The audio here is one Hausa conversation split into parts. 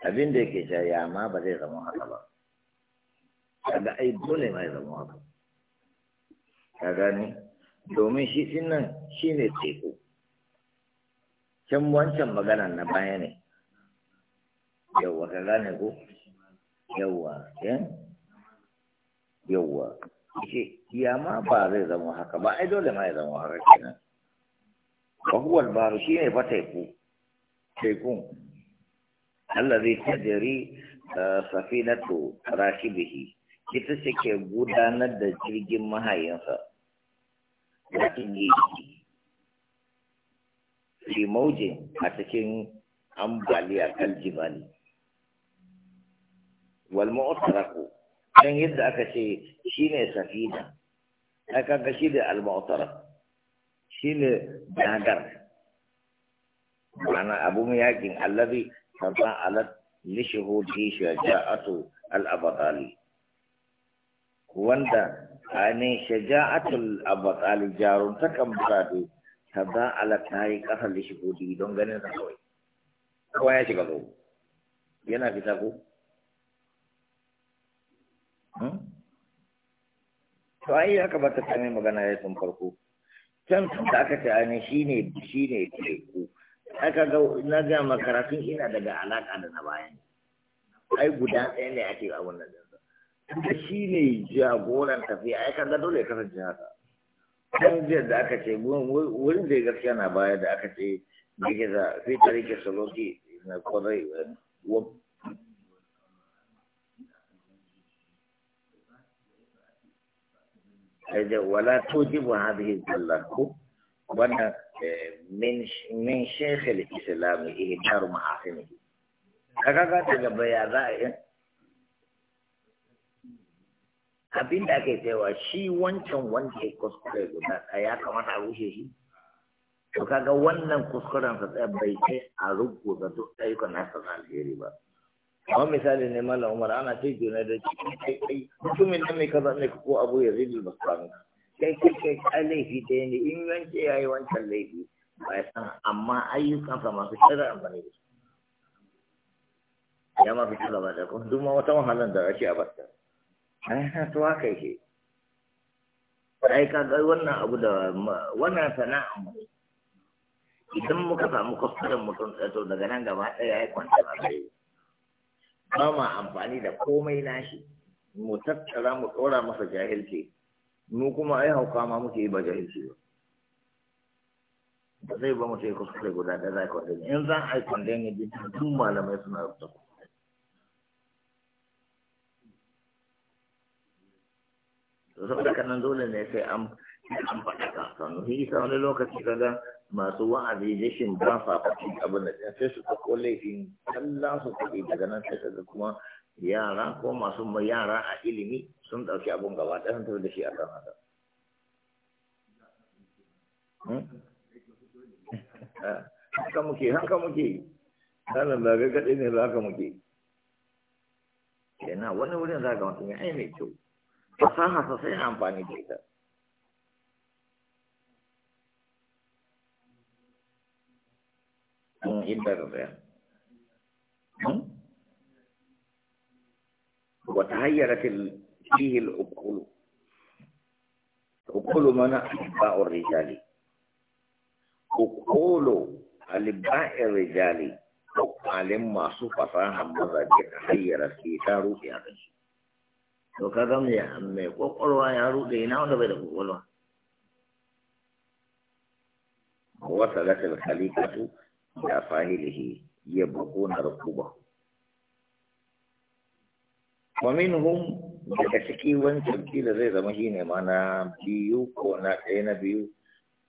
abin da yake shari'a ma ba zai zama haka ba kaga ai dole ma ya zama haka ka gani domin shi din nan ne teku can wancan magana na baya ne yawwa ka gane ko yawwa eh? yan yawwa ce ma ba zai zama haka ba ai dole ma ya zama haka kenan ba huwal baro ne fa teku tekun allazi tajri safinatu rakibihi ita ce ke gudanar da jirgin mahayinsa da yi Shi mauje a cikin ambaliya kaljibali wal mu'tarafu dan yadda aka ce shine safina aka ga shi da al mu'taraf shine dagar ma'ana abu mai yakin allazi فضاعت لشهوده شجاعة الأبطال وندا يعني شجاعة الأبطال جار تكم برادي تضاعت هاي كفر لشهوده دون غني نقوي kowa ya shiga zuwa yana fita ko to ai aka ta kame magana ya sun farko can da aka ce ainihin shi ne aka ga na ga makaratun ina daga alaƙa da na bayan ai guda ɗaya ne ake abun nan da shi ne jagoran tafiya ai kaga dole ka kasance haka kan jiyar da aka ce wurin da ya gaskiya na baya da aka ce yake da sai ta rike saloki na kwarai wa ai da wala tujibu hadhihi sallah ko wannan min shekhar islami ihdaru mahasini kaga ga ta gaba ya za a yin abin da ake cewa shi wancan wanda ya kuskure guda ya kamata a rushe shi to kaga wannan kuskuren sa tsaye bai kai a da duk ayyukan nasa na alheri ba kuma misali ne malam umar ana ce juna da cikin kai kai mutumin da mai kaza ne ko abu ya zidu ba kai kai kai ai laifi ɗaya ne in yanke ya yi wancan laifi ba ya san amma ayyukansa masu shirin amfani da su ya ma fi ci gaba da kuma duk wata wahalar da rashi a basta ai to haka yake ai ka ga wannan abu da wannan sana'a mu idan muka samu kwastodan mutum tsato eh, daga nan gaba ɗaya ya yi kwanta ba kai ba ma amfani da komai nashi mu tattara mu ɗora masa jahilci mu kuma ai hauka ma muke ba ba shi ba ba zai ba mu sai kuskure guda da za da ni in zan ai kwandon ya jinta duk malamai suna rubuta ku saboda kanan dole ne sai an an faɗa ka sanu shi isa wani lokaci kaga masu wa'azi rashin ba sa faɗi abin da sai su ɗauko laifin Allah su faɗi daga nan sai kaga kuma yara ko masu yara a ilimi sun ɗauki abun gaba ɗaya sun da shi a kan haka. Hmm? Ah, haka muke, haka muke, da ne za ka muke. Yana wani wurin za ka mutum ya mai kyau, fasaha sosai amfani da ita. Hmm, inda ka تهيرت فيه الأقول أقول من أحباء الرجال أقول ألباء الرجال أعلم ما سوف فاهم ماذا تهيرت في تاروخ يا رجل لو كذا يا أمي وقلوا يا رجل إنا ولا بدأ وقلوا وصلت الخليفة إلى فاهله يبقون ركوبه ومنهم بكسكي وانتبكي لذي زمجين معنا بيو كونا تينا بيو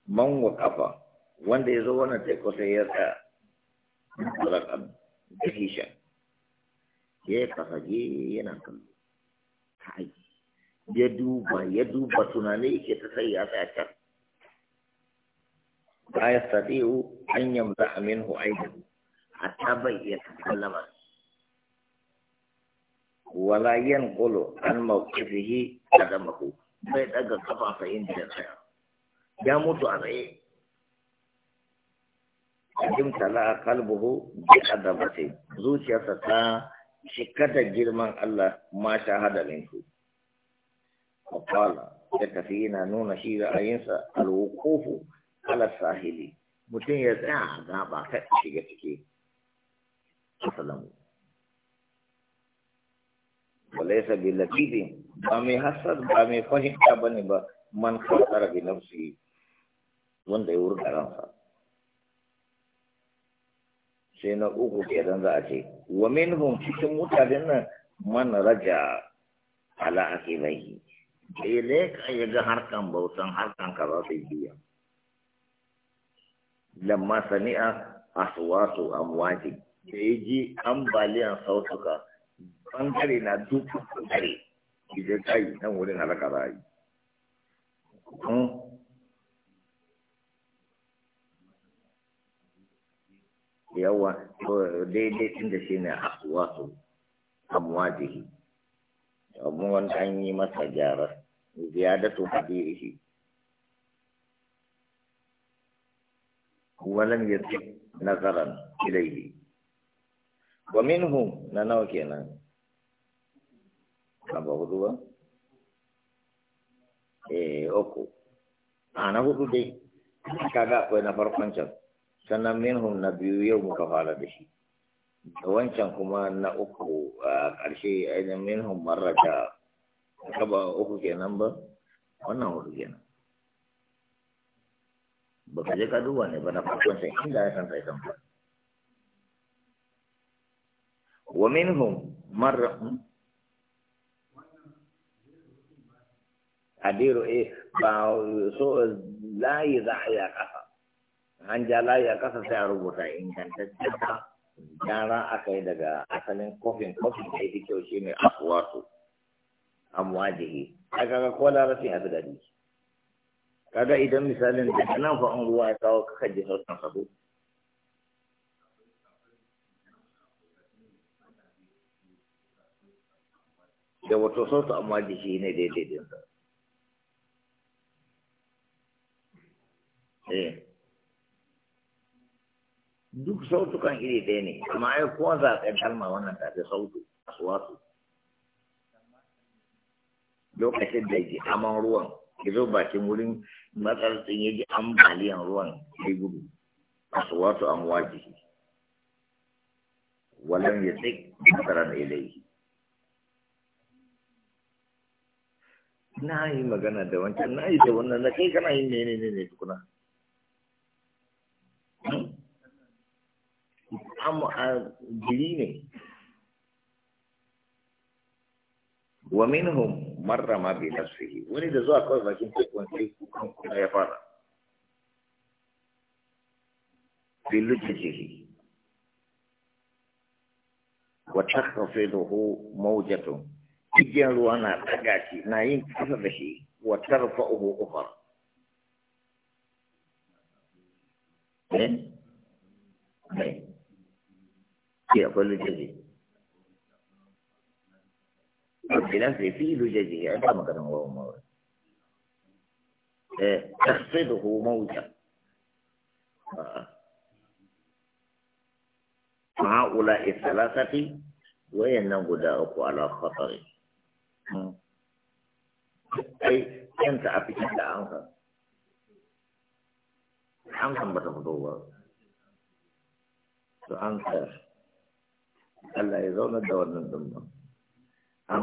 من وقفا وان دي زوانا تيكو سيئتا رقم بكيشا يكا فجي ينقل حي يدوبا يدوبا تناني كتا سيئتا كتا لا يستطيع أن يمزح منه أيضا حتى بيت كلمه wala kolo an mawqifihi ku. bai daga kafafa inda ya tsaya ya mutu a tsaye ajin tala kalbuhu bi qadamati zuciyarsa ta shika da girman Allah ma shahada linku qala ya tafi yana nuna shi ra'ayinsa alwuqufu ala sahili mutum ya tsaya a gaba kai shiga ciki salamu وليس بلطيف بامي ba. بامي فهم بني با من خطر بنفسه وان ده يورد رانسا سينا za'a ce. ذا اتي ومنهم cikin mutanen nan man raja ala akibai ile ka yaga harkan bautan harkan ka ba sai biya lamma sami'a aswatu amwaji da yaji ambaliyan sautuka bangare na duk bangare idan kai nan wurin halaka za a yi. Hmm? Yawa, daidai ɗin da shi ne haɗuwa su amuwa jihi, amuwan an yi masa gyara, ziyadatu haɗe shi. Walam yadda nazaran ilaihi. Wa minhu na nawa kenan. Namba hudu ba? Eh, uku. A ah, na hudu dai, kaga akwai na farkon can. Sannan minhum na biyu yau muka fara da shi. wancan kuma na uku a ƙarshe ainihin minhum marrata kaba uku kenan ba? Wannan hudu kenan. ba ka je ka duba ne ba na farkon sai inda ya san sai san wa minhum marra hmm? adiru eh ba so layi za a yi a ƙasa an ja layi a ƙasa sai a rubuta ingantaccen ta gyara aka yi daga asalin kofin kofin da ya kyau shi ne amma jihi a kaga ko larafi a fi daɗi kaga idan misalin da nan fa an ruwa ya kawo kaka ji sautan sabo da wato sautu jihi ne daidai dinsa Eh. duk sautukan iri ɗaya ne amma ai kowa zaɓen kalma wannan tafi sautu asuwatu lokacin da yake aman ruwan ki zo bakin wurin matsarsin ya ji ambaliyan ruwan ya gudu asuwatu an shi walam ya tsik nasarar ilai na yi magana da wancan na yi da wannan na kai kana yin ne ne ne tukuna amma a jiri ne wa minhum marrama bi nafsihi wani da zuwa kawai bakin tekun sai kukan kuma ya fara bi lujjihi wa takhfiduhu mawjatun igiyar ruwa na daga shi na yin kasa da shi wa tarfa'uhu ukhra في أقول لجزي الخلاف في لجزي هذا يعني ما كان هو موت تخصده موتا هؤلاء آه. الثلاثة وينهم داء على خطر أي أنت أبيك عنها عنها بتفضل أنت Allah ya zaunar da wannan dumma.